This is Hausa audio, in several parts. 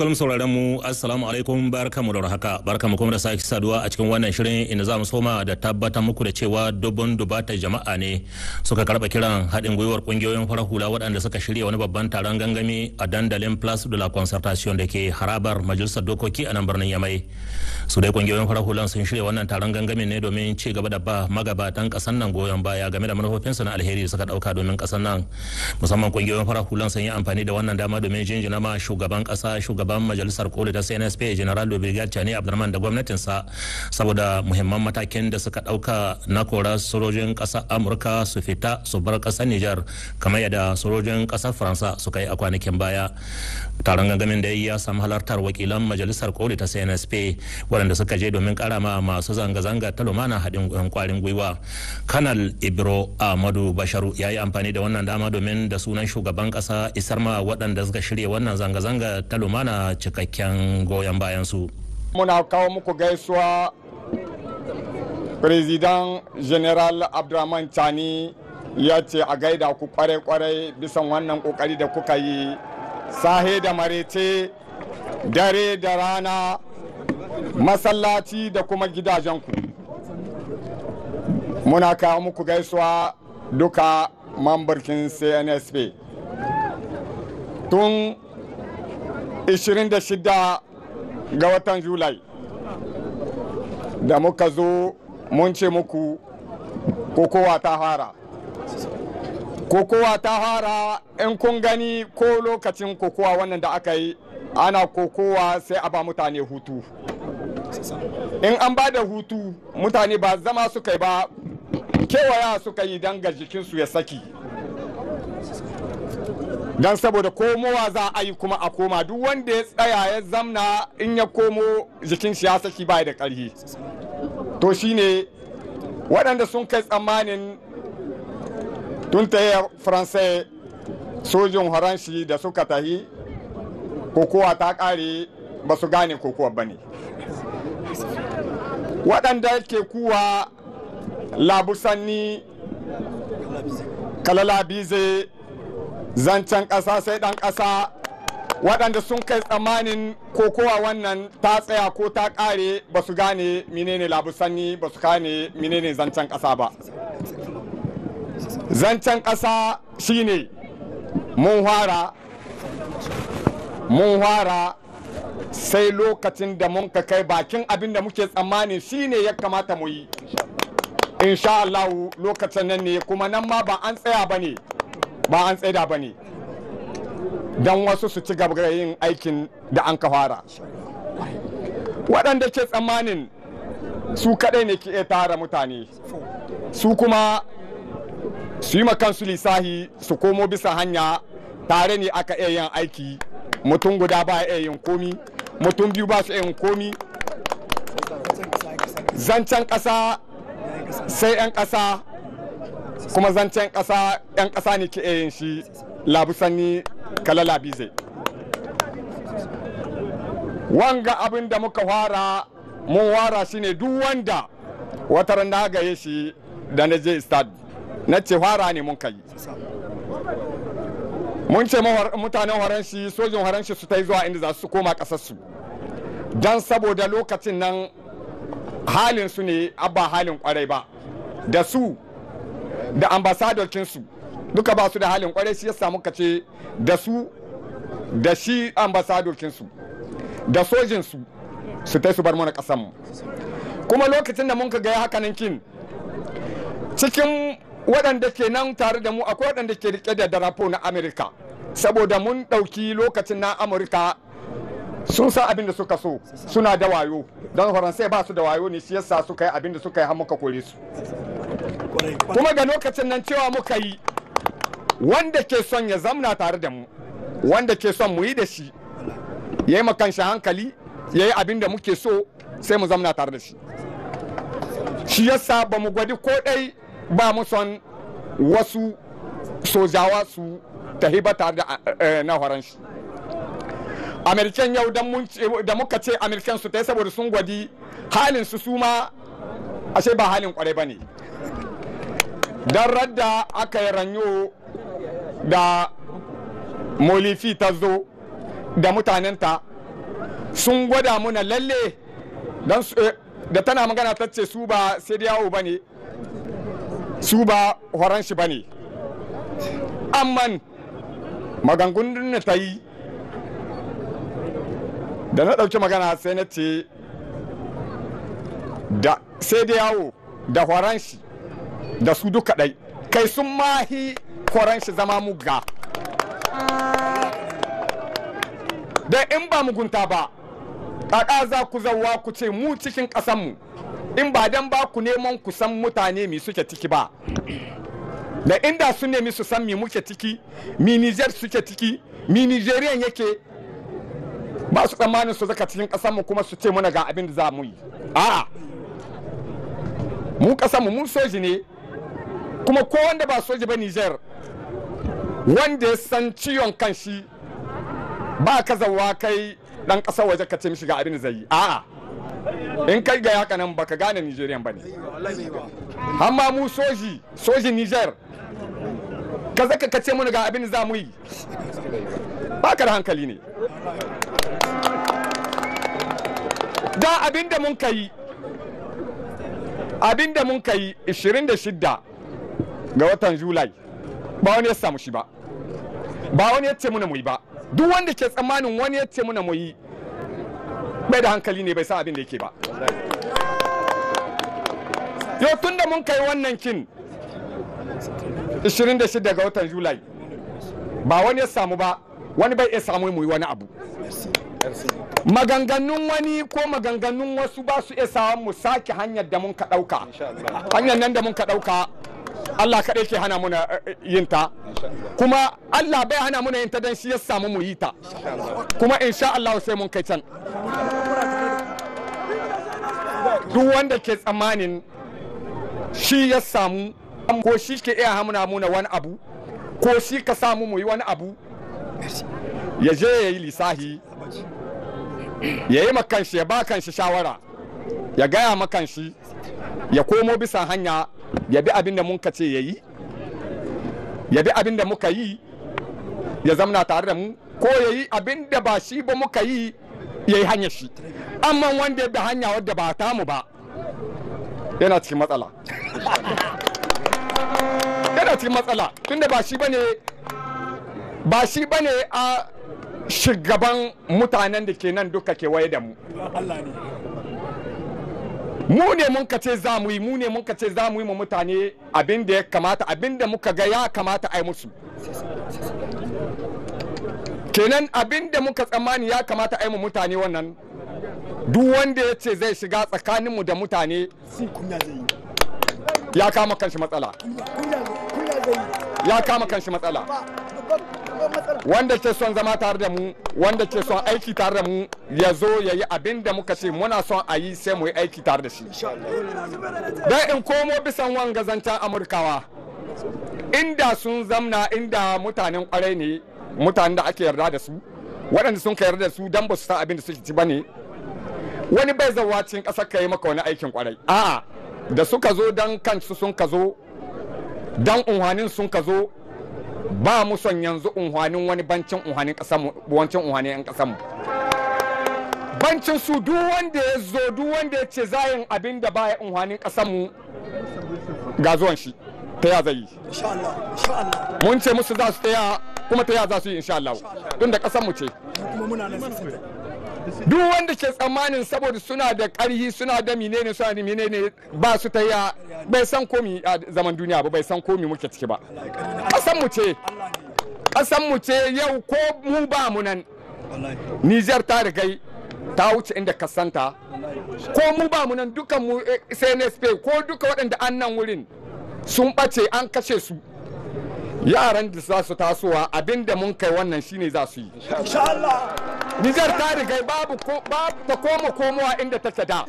kallon sauraron mu assalamu alaikum barka mu da haka mu kuma da sake saduwa a cikin wannan shirin inda za mu soma da tabbatar muku da cewa dubban dubata jama'a ne suka karba kiran haɗin gwiwar kungiyoyin farar hula waɗanda suka shirya wani babban taron gangami a dandalin Place de la Concertation da ke harabar majalisar dokoki a nan birnin Yamai su dai kungiyoyin farar hulan sun shirya wannan taron gangamin ne domin ci gaba da ba magabatan ƙasar nan goyon baya game da manufofinsu na alheri suka ɗauka domin ƙasar nan musamman kungiyoyin farar hulan sun yi amfani da wannan dama domin jinjina ma shugaban ƙasa shugaban majalisar koli ta CNSP General Brigadier Chani Abdurrahman da gwamnatinsa saboda muhimman matakin da suka dauka na kora sojojin kasar Amurka su fita su bar kasar nijar kamar yadda sojojin kasar Faransa suka yi a kwanakin baya. Taron gangamin da ya samu halartar wakilan majalisar koli ta CNSP waɗanda suka je domin karama masu zanga-zanga ta lumana haɗin kwarin gwiwa. Kanal Ibro Ahmadu Basharu ya yi amfani da wannan dama domin da sunan shugaban ƙasa isar ma waɗanda suka shirya wannan zanga-zanga ta lumana cikakken goyon bayan su muna kawo muku gaisuwa president general abdurrahman tani ya ce a gaida ku kwarai-kwarai bisan wannan kokari da kuka yi sahe da marece dare da rana masallaci da kuma gidajenku muna kawo muku gaisuwa duka mambarkin cnsp tun 26 ga watan julai da muka zo mun ce muku kokowa ta fara kokowa ta fara in kun gani ko lokacin kokowa wannan da aka yi ana kokowa sai a ba mutane hutu in an ba da hutu mutane ba zama suka yi ba kewaya suka yi don ga jikinsu ya saki don saboda komowa za a yi kuma a koma duk wanda ya tsaya ya zamna in ya komo jikin siyasa shi baya da ƙarfi to shine waɗanda sun kai tsammanin tun ta faransai sojin faranshi da suka tahi kokowa ta ƙare ba su gane kokowa ba ne waɗanda ke kuwa labusanni kalalabize zancen ƙasa sai ɗan ƙasa waɗanda sun kai tsammanin kowa wannan ta tsaya ko ta ƙare ba su gane menene labusanni ba su gane menene zancen ƙasa ba zancen ƙasa shine mun hwara mun hwara sai lokacin da mun ka kai bakin abin da muke tsammani shine ya kamata mu yi insha Allah lokacin nan ne kuma nan ma ba an tsaya ba ne ba an tsaida ba ne don wasu su ci gaba yin aikin da an ka fara waɗanda ke tsammanin su kaɗai ne ke tara mutane su kuma su yi kansu lisahi su komo bisa hanya tare ne aka iya yin aiki mutum guda ba iya yin komi mutum biyu ba su yin komi zancen ƙasa sai 'yan ƙasa kuma zancen ƙasa 'yan ƙasa ne ke yin shi labusanni kala labize wanga abin da muka fara mun wara shi ne duk wanda wata na gaye shi da na je stad na ce fara ne mun kai mun ce mutanen horon shi sojin horon shi su ta yi zuwa inda za su koma ƙasarsu don saboda lokacin nan halin su ne abba halin kwarai ba da su da ambasadocinsu duka ba su da halin kwarai shi yasa muka ce da su da shi ambasadorcinsu da sojinsu su ta su bar mana kasanmu kuma lokacin da mun muka ga hakanan kin cikin waɗanda ke nan tare da mu akwai waɗanda ke rike da darapo na amurka saboda mun ɗauki lokacin na amurka sun sa abin da suka so suna da wayo don faransai ba su da wayo ne shi yasa suka yi abin da suka yi har muka kore su kuma ga lokacin nan cewa muka yi wanda ke son ya zamna tare da mu wanda ke son mu yi da shi ya yi makanshi hankali ya yi abin da muke so sai mu zamna tare da shi shi yasa ba mu gwadi ko ɗai ba mu son wasu sojawa su hiba tare da eh, na horon shi yau da muka ce amirkan su ta yi saboda sun gwadi halin su suma ashe ba halin kwarai ba ne don radda aka yi ranyo da molifi ta zo da mutanenta sun gwada muna lalle eh, da tana magana ta ce su ba sai yawo ba ne su ba horon shi ba ne amman maganganun da ta yi da na ɗauki magana sai na ce sai da yawo da horon shi da su duka ɗai kai sun mahi koran shi zama muga da in ba mugunta ba ƙaƙa za ku zauwa ku ce mu cikin ƙasanmu in ba dan ba ku neman ku san mutane mi suke ciki ba da inda su nemi su san mi muke ciki mi niger suke ciki mi nigerian yake ba su tsammanin su zaka cikin ƙasanmu kuma su ce muna ga abin da za mu yi a mu ƙasanmu mun soji ne kuma ko wanda ba soja ba Nijar wanda ya san ciwon kan shi ba ka zawa kai dan kasar waje ka ce mishi ga abin zai a a'a in kai ga yaka nan baka gane ba bane amma mu soji soji Nijar ka zaka ka ce mana ga abin za mu yi ba ka da hankali ne da abin da mun kai abin da mun kai 26 ga watan julai ba wani ya samu shi ba ba wani ya ce muna mu yi ba duk wanda ke tsammanin wani ya ce muna mu yi bai da hankali ne bai sa abin da yake ba yau tun da mun kai wannan kin 26 ga watan julai ba wani ya samu ba wani bai iya samu mu yi wani abu maganganun wani ko maganganun wasu ba su iya samu mu sake hanyar da mun ka ɗauka hanyar nan da mun ka ɗauka Allah kaɗai ke hana muna eh, eh, yin ta kuma Allah bai hana muna yin ta don shi ya samu mu yi ta kuma insha Allah sai mun kai can duk wanda ke tsammanin shi ya samu ko shi ke iya hamuna muna wani abu ko shi ka samu mu yi wani abu ya je ya yi lisahi ya yi makanshi ya ba kanshi shawara ya gaya makanshi ya komo bisa hanya ya bi abin da mun ce ya yi ya bi abin da muka yi ya zamana tare da mu ko ya yi abin da ba shi ba muka yi ya yi hanyar shi amma wanda ya bi hanya wadda ba ta mu ba yana cikin matsala yana cikin matsala tunda ba shi bane ba shi bane a shugaban mutanen da ke nan duka kewaye da mu mu ne mun ka ce za mu yi mu ne mun ka ce za mu yi mu mutane abin da ya kamata abin da muka ga ya kamata a yi musu kenan abin da muka tsammani ya kamata a yi mu mutane wannan duk wanda ya ce zai shiga tsakaninmu da mutane ya kama kanshi matsala ya kama kanshi matsala wanda ke son zama tare da mu wanda ke son aiki tare da mu ya zo ya yi abin da muka ce muna son a yi sai mu yi aiki tare da shi don in komo bisan wanga zancen amurkawa inda sun zamna inda mutanen kwarai ne mutanen da ake yarda da su waɗanda sun ka da su don ba su san abin da suke ci ba ne wani bai zawa cikin ƙasar ka yi maka wani aikin kwarai a'a da suka zo don kansu sun ka zo don unhanin sun ka zo ba mu son yanzu unhwanin wani bancin unhwanin kasanmu wancin unhwanin yan kasanmu bancin su duk wanda ya zo duk wanda ya ce zayin abin da baya unhwanin kasanmu ga zuwan shi ta ya zai mun ce musu za su taya kuma ta ya za su yi insha Allah da kasanmu ce duk wanda ke tsammanin saboda suna da karhi suna da menene suna da menene ba su ta ya bai san komi a zaman duniya ba bai san komi muke ciki ba san mu ce san mu ce yau ko mu ba mu nan Nijar ta riga ta wuce inda kasanta ko mu ba mu nan dukan mu CNSP eh, ko duka waɗanda an nan wurin sun bace an kashe su yaran da za su tasowa abinda mun kai wannan shine za su yi Nijar ta riga babu ta koma komowa inda take da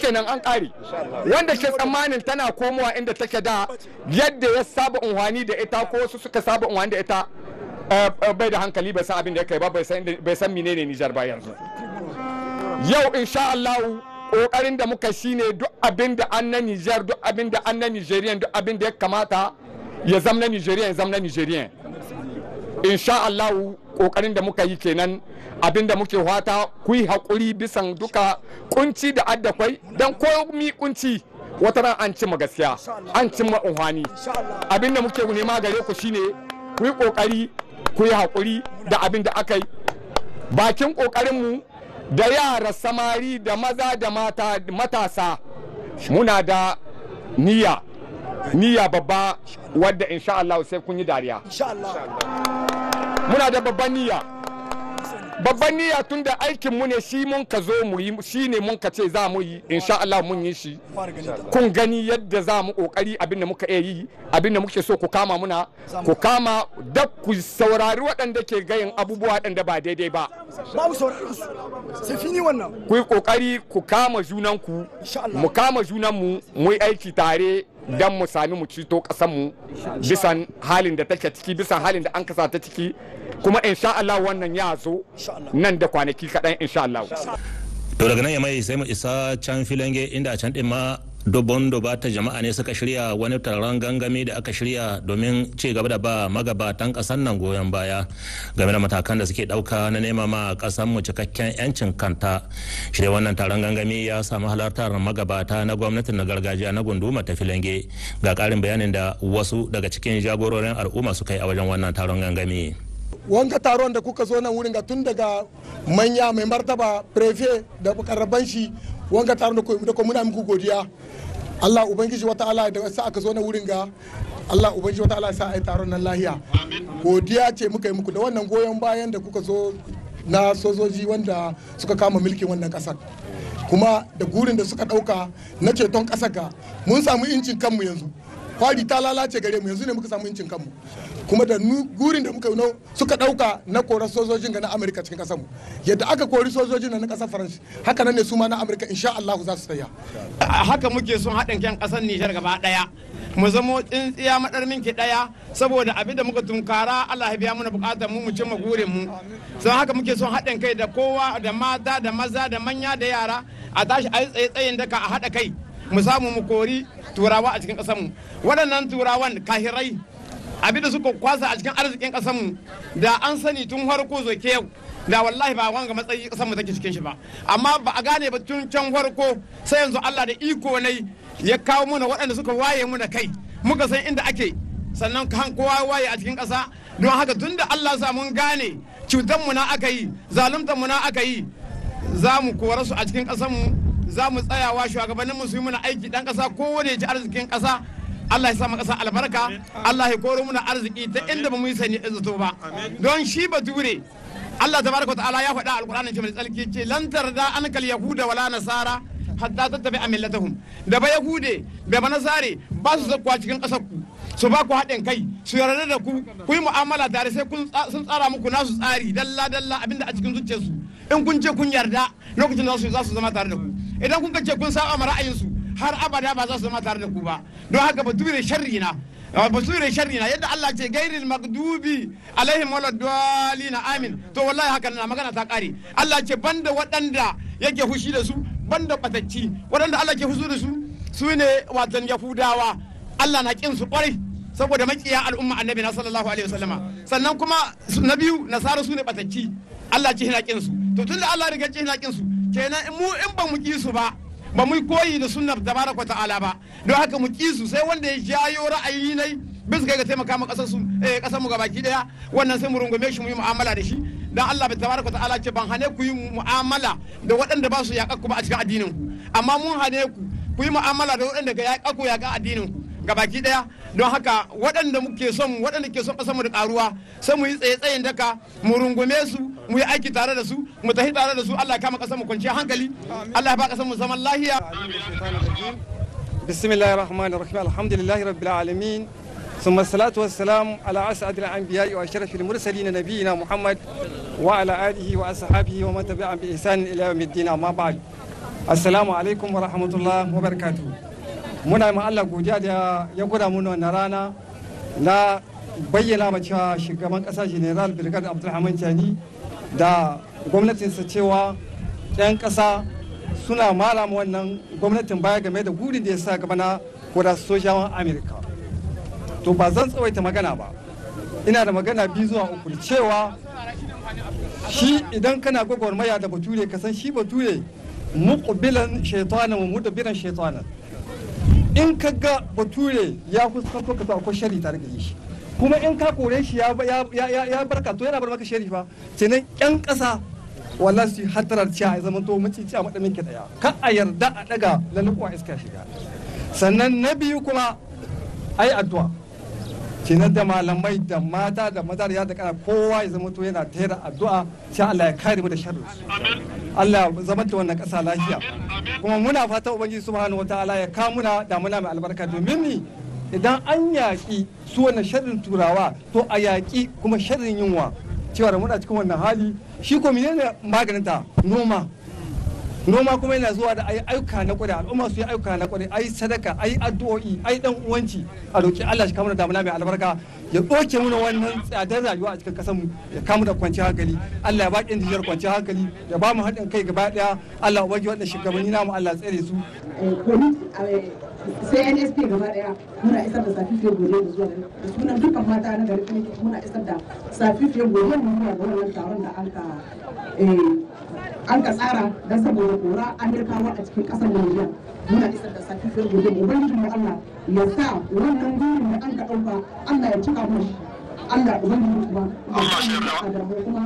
kenan an kare wanda ke tsammanin tana komowa inda take da yadda ya saba unhwani da ita ko wasu suka saba unhwani da ita eh, eh, bai da hankali bai san abin da ya kai ba bai san menene Nijar ba yanzu yau insha Allah kokarin da muka shine duk abin da an na Nijar duk abin da an na Nijeriyan duk abin da ya kamata ya zamna nigerian ya zamna nigerian insha allahu kokarin da muka yi kenan abin da muke wata ku yi haƙuri bisan duka kunci da addakwai don komi kunci wata ran an cimma gaskiya an cimma abin da muke nema gare ku shine ku yi kokari ku yi haƙuri da abin da aka yi bakin ƙoƙarinmu da yara samari da maza da mata matasa muna da niyya niyya babba wadda insha Allah sai kun yi dariya muna da babban niyya babban niyya tun da aikin mu ne shi mun ka zo mu yi shi ne mun ka ce za mu yi insha Allah mun yi shi kun gani yadda za mu kokari abin da muka iya yi abin da muke so ku kama muna ku kama da ku saurari waɗanda ke gayin abubuwa waɗanda ba daidai ba ba mu saurari su sai fini wannan ku yi kokari ku kama junanku mu kama junanmu mu yi aiki tare Dan mu sami mu cito mu bisan halin da take ciki bisan halin da an kasa ta ciki kuma insha Allah wannan ya zo nan da kwanaki kaɗan insha Allah. To daga nan ya mai sai mu isa can filange inda a can ɗin ma dubun ta jama'a ne suka shirya wani taron gangami da aka shirya domin ci gaba da ba magabatan kasan nan goyon baya game da matakan da suke dauka na nema ma kasan mu cikakken yancin kanta shirya wannan taron gangami ya samu halartar magabata na gwamnatin na gargajiya na gunduma ta filange ga karin bayanin da wasu daga cikin jagororin al'umma suka yi a wajen wannan taron gangami wanga taron da kuka zo nan wurin ga tun daga manya mai martaba prefe da karabanshi wanga tare da ko muna muku godiya Allah ubangiji wata Allah da sa aka zo na wurin ga Allah ubangiji wata Allah sa ai taron nan lahiya godiya ce muka yi muku da wannan goyon bayan da kuka zo na sojoji wanda suka kama milkin wannan kasar kuma da gurin da suka dauka na ceton kasar ga mun samu incin kanmu yanzu kwari ta lalace gare mu yanzu ne muka samu incin kanmu kuma da gurin da muka suka dauka na kora sojojin ga na amurka cikin kasar yadda aka kori sojojin na kasar faransa haka nan ne su ma na amurka insha Allah za su tsaya haka muke son haɗin kan kasar nijar gaba daya mu zamo tsintsiya madar minki daya saboda abin da muka tunkara Allah ya biya mana bukatar mu mu cimma gurin mu sai haka muke son haɗin kai da kowa da mata da maza da manya da yara a tashi a yi tsaye-tsayen daka a haɗa kai mu samu mu kori turawa a cikin ƙasarmu waɗannan turawan kahirai abin da suka kwasa a cikin arzikin mu da an sani tun farko zoke yau da wallahi ba wanga matsayi ƙasarmu take cikin shi ba amma ba a gane ba tun can farko sai yanzu Allah da iko ne ya kawo muna waɗanda suka waye muna kai muka san inda ake sannan kan kowa waye a cikin ƙasa don haka tun da Allah sa mun gane cutan mu na aka yi zaluntar mu na aka yi za mu kora su a cikin ƙasarmu za mu tsayawa shugabanninmu su yi muna aiki ɗan ƙasa kowane ya ci arzikin ƙasa Allah ya sa ƙasa albarka Allah ya koro muna arziki ta inda ba mu yi sani zato ba don shi ba bature Allah tabaraka ta'ala ya faɗa alƙur'anin shi mai tsarki ce lan tarda kal yahuda wala nasara hatta tattabi amillatahum da ba yahude da ba nasare ba su zakkuwa cikin ƙasar ku su ba ku haɗin kai su yarda da ku ku yi mu'amala tare sai sun tsara muku nasu tsari dalla dalla abinda a cikin zuciyarsu in kun ce kun yarda lokacin da za su zama tare da ku idan kun ce kun saba ma su. har abada ba za su zama tare da ku ba don haka ba da sharri na basure sharri na yadda Allah ce gairil magdubi alaihim dalina amin to wallahi haka na magana ta kare Allah ce banda waɗanda yake hushi da su banda batacci waɗanda Allah ke hushi da su su ne watan yahudawa Allah na kin su kwarai saboda makiya al'umma annabi na sallallahu alaihi wasallama sannan kuma na biyu nasara su ne batacci Allah ce hina kin su to tunda Allah riga ce hina kin su kenan mu in ba mu ki su ba ba mu koyi da sunnar ta ala ba don haka mu ki su sai wanda ya jayo ra'ayi nai bisa kai ga taimaka ma kasar su eh kasar mu gabaki daya wannan sai mu rungume shi mu yi mu'amala da shi dan Allah tabaraka ta'ala ce ban hane ku yi mu'amala da waɗanda ba su yaƙa a cikin addinin ku amma mun hane ku ku yi mu'amala da waɗanda ga yaƙa ku ga addinin ku gabaki daya don haka waɗanda muke son waɗanda ke son kasar mu da ƙaruwa sai mu yi tsaye-tsayen daka mu rungume su mu yi aiki tare da su mu tafi tare da su Allah kama kasar mu kwanciya hankali Allah ba kasar mu zaman lahiya bismillahir rahmanir rahim alhamdulillahi rabbil alamin ثم الصلاة والسلام على أسعد الأنبياء وأشرف المرسلين نبينا محمد وعلى آله وأصحابه ومن تبعهم بإحسان إلى يوم الدين أما بعد السلام عليكم ورحمة الله وبركاته muna ma Allah godiya da ya gwada mana wannan rana na bayyana ma cewa shugaban kasa general Brigadier Abdulrahman Chani da gwamnatinsa cewa 'yan kasa suna malama wannan gwamnatin baya game da guri da ya sa gaba na koda sojawan amurka to ba zan tsawaita magana ba ina da magana biyu zuwa uku cewa shi idan kana gwagwarmaya da bature kasan san shi bature muƙubilan shaitanin biran shaitanin in ka ga bature ya fuskanto ka akwai shari tare da shi kuma in ka kore shi ya barka to yana bar maka sheri fa Sai nan yan kasa wallahi su hatarar ciya ya zama to macici a maɗanin ki ɗaya ka a yarda a ɗaga a iska shiga sannan na biyu kuma ai addu'a na da malamai da mata da maza da kana kowa ya zama to yana tera addu'a sai Allah ya kare mu da sharri Allah ya zama da wannan ƙasa lafiya kuma muna fata ubangiji subhanahu wataala ya kawo muna damuna mai albarka domin ni idan an yaƙi su wannan sharrin turawa to a yaƙi kuma sharrin yunwa cewa da muna cikin wannan hali shi ko ne maganin ta noma noma kuma yana zuwa da ayi ayyuka na kwarai al'umma su yi ayyuka na kwarai ayi sadaka ayi addu'o'i ayi dan uwanci a roki Allah shi kamar damuna mai albarka ya doke muna wannan tsadar rayuwa a cikin kasar mu ya kamu da kwanciyar hankali Allah ya ba ɗin dijiyar kwanciyar hankali ya ba mu haɗin kai gaba ɗaya Allah ubangi wannan shugabanni namu Allah tsare su eh, eh, sai nsp gaba daya muna isar da safifiyo gobe da zuwa da suna dukkan mata na gari kuma muna isar da safifiyo gobe da zuwa ga wannan taron da an ka eh, an ka tsara don saboda kora amurkawa a cikin kasar Najeriya muna isar da safifiyo godiya da ubangiji mu Allah ya sa wannan gurin da an ka dauka Allah ya cika mu Allah ubangiji kuma Allah shi yarda kuma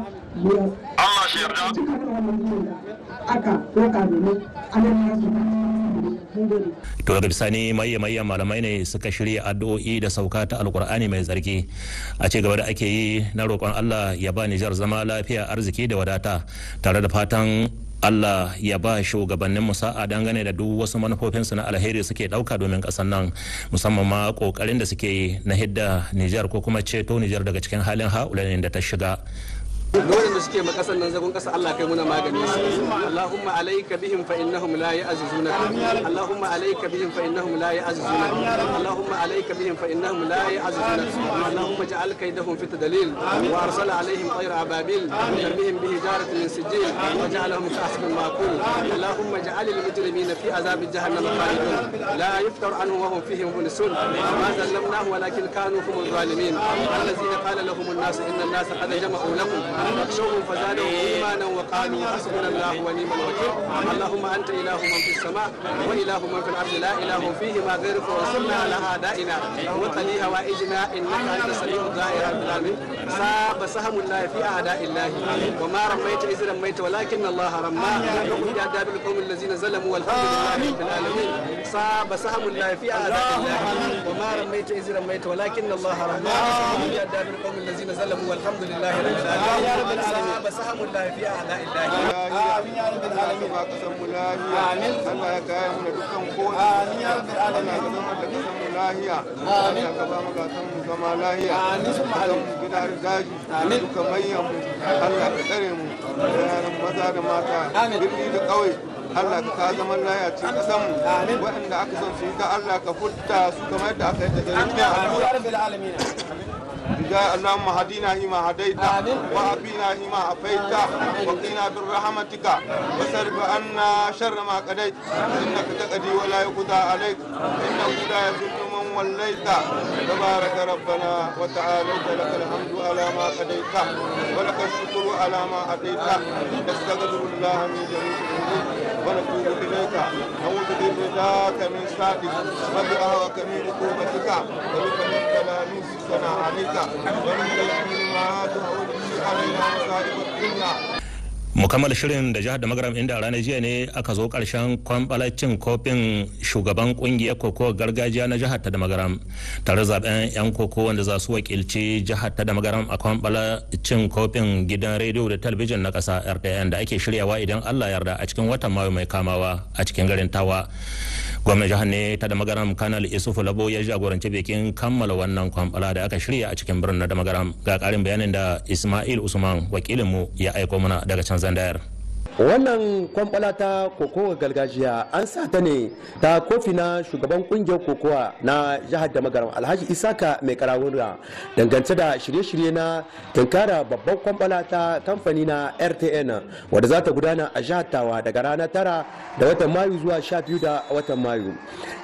Allah shi yarda cika mu wannan gurin da aka doka domin amurkawa su to daga bisani maye maye malamai ne suka shirya addu'o'i da sauka ta alkur'ani mai zargi a ce gaba da ake yi na roƙon Allah ya ba Nijar zama lafiya arziki da wadata tare da fatan Allah ya ba shugabannin musa sa'a dangane da duk wasu manufofinsu na alheri suke dauka domin kasan nan musamman ma kokarin da suke yi na hidda Nijar ko kuma ceto Nijar daga cikin halin ha'ulanin da ta shiga. wannan da suke makasan nan zagon kasa Allah kai muna magani su Allahumma alayka bihim fa innahum la ya'zuzuna Allahumma alayka bihim fa innahum la ya'zuzuna Allahumma alayka bihim fa innahum la ya'zuzuna Allahumma ja'al kaydahum fi tadlil wa arsal alayhim tayra ababil tarmihim bi hijarati min sijil wa ja'alhum ka'asfin ma'kul Allahumma ja'al al mujrimina fi azab jahannam khalidun la yuftar anhum wa hum fihi mublisun ma zallamnahum walakin kanu hum الظالمين الذين قال لهم الناس ان الناس قد جمعوا لكم لهم فزادهم إيمانا وقالوا حسبنا الله ونعم الوكيل اللهم أنت إله من في السماء وإله من في الأرض لا إله فيه ما غيرك وانصرنا على أعدائنا وقلي هوائجنا إنك أنت السميع الداعي رب العالمين صاب سهم الله في أعداء الله وما رميت إذ رميت ولكن الله رمى وقل أعداء بالقوم الذين ظلموا والحمد لله رب العالمين صاب سهم الله في أعداء الله وما رميت إذ رميت ولكن الله رمى وقل أعداء بالقوم الذين ظلموا والحمد لله رب العالمين ya rabbal alamin ba samu lafiya ala illahi amin ya rabbal alamin ba ka lafiya amin Allah ya mu dukkan ko amin ya alamin ka da lafiya amin ka ba mu zama lafiya amin gida amin dukkan mayyan mu Allah tsare mu yaran maza da mata birni da kauye Allah ka ka zaman waɗanda aka son su ka Allah ka furta su kamar yadda aka yi ya يا اللهم هدينا فيما هديت وعافينا فيما عافيت وقنا برحمتك وصرف عنا شر ما قضيت انك تقضي ولا يقضى عليك انه لا يذل من وليت تبارك ربنا وتعالى لك الحمد على ما قضيت ولك الشكر على ما اتيت نستغفر الله من جميع الذنوب ونعوذ بك نعوذ برداك من سعدك وبأهواك من عقوبتك وبفضلك لا ننسى عليك ومن الجميل ما تهون به علينا مصائب الدنيا mukammal shirin da jihar da magaram inda ranar jiya ne aka zo karshen cin kofin shugaban kungiyar koko gargajiya na jihar ta da magaram tare zaben yan koko wanda za su wakilci jihar ta da magaram a kwambalacin kofin gidan rediyo da talabijin na kasa rtn da ake shiryawa idan allah yarda a cikin watan mayu mai kamawa a cikin garin tawa gwamnan jihar ne ta da magaram kanal isufu labo ya jagoranci bikin kammala wannan kwamfala da aka shirya a cikin birnin da magaram ga karin bayanin da ismail usman wakilinmu ya aiko mana daga can zandayar wannan kwamfala ta kokowa gargajiya an sa ta ne ta kofi na shugaban kungiyar kokowa na jihar da magaram alhaji isaka mai karawura dangance da shirye-shirye na tunkara babban kwamfala ta kamfani na rtn wadda za ta gudana a jihar tawa daga ranar tara da watan mayu zuwa sha biyu da watan mayu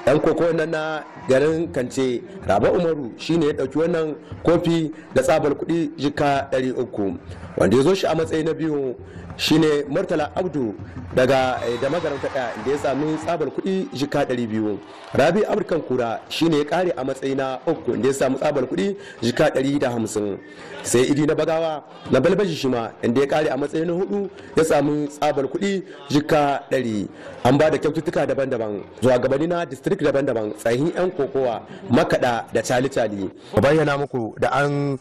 yan kokowa nan na garin kance raba umaru shine ya dauki wannan kofi da tsabar kuɗi jika 300 wanda ya zo shi a matsayi na biyu shine murtala abdu daga eh, da magaranta ta da ya sami tsabar kuɗi jika biyu rabi Amurkan kura shine ya kare a matsayi na uku da ya sami tsabar kuɗi jika hamsin sai idi na bagawa na balbashi shi ma inda ya kare a matsayi na hudu ya sami tsabar kuɗi jika ɗari an ba da kyaututtuka daban-daban zuwa gabani na district daban-daban tsayin yan kokowa makaɗa da cali-cali bayyana muku da an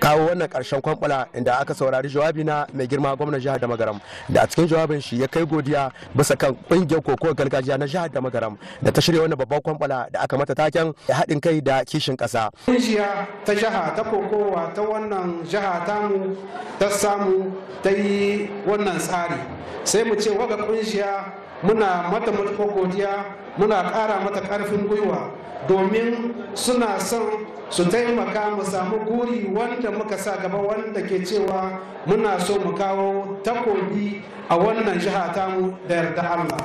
kawo wannan karshen kwamfala inda aka saurari jawabi na mai girma gwamnan jihar da magaram da cikin jawabin shi ya kai godiya bisa kan kungiyar kokowar gargajiya na jihar da magaram da ta shirya wani babban kwamfala da aka mata taken haɗin kai da kishin ƙasa. kungiya ta jiha ta kokowa ta wannan jiha tamu ta samu ta yi wannan tsari sai mu ce waga kungiya muna mata matuƙar godiya muna ƙara mata ƙarfin gwiwa domin suna son su taimaka mu samu guri wanda muka sa gaba wanda ke cewa muna so mu kawo takobi a wannan jiha tamu da yarda Allah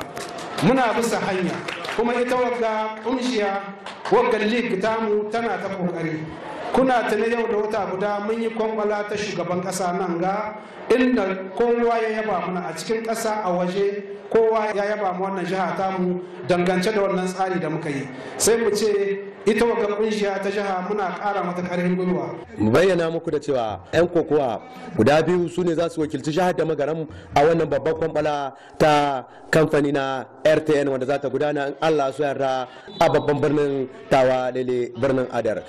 muna bisa hanya kuma ita wagga kunshiya wagga league tamu tana ta kokari kuna tuni yau da wata guda mun yi kwangwala ta shugaban kasa nan ga inda kowa ya yaba mana a cikin ƙasa a waje kowa ya yaba mu wannan jiha mu dangance da wannan tsari da muka yi sai mu ce ita wa kungiya ta jiha muna ƙara mata karfin gwiwa mu bayyana muku da cewa yan kokowa guda biyu su ne za su wakilci jihar da magaram a wannan babban kwambala ta kamfani na rtn wanda za ta gudana in allah su yarda a babban birnin tawa lele birnin adar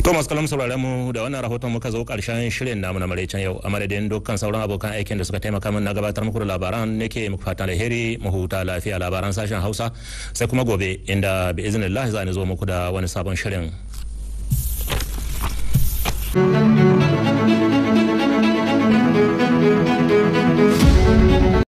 To kalam sauraron mu da wannan rahoton muka zo karshen shirin namu na maraicen yau a madadin dukkan sauran abokan aikin da suka taimaka min na gabatar muku da labaran nake muku fatan alheri mu huta lafiya labaran sashen Hausa sai kuma gobe inda bi iznillah za ni zo muku da wani sabon shirin.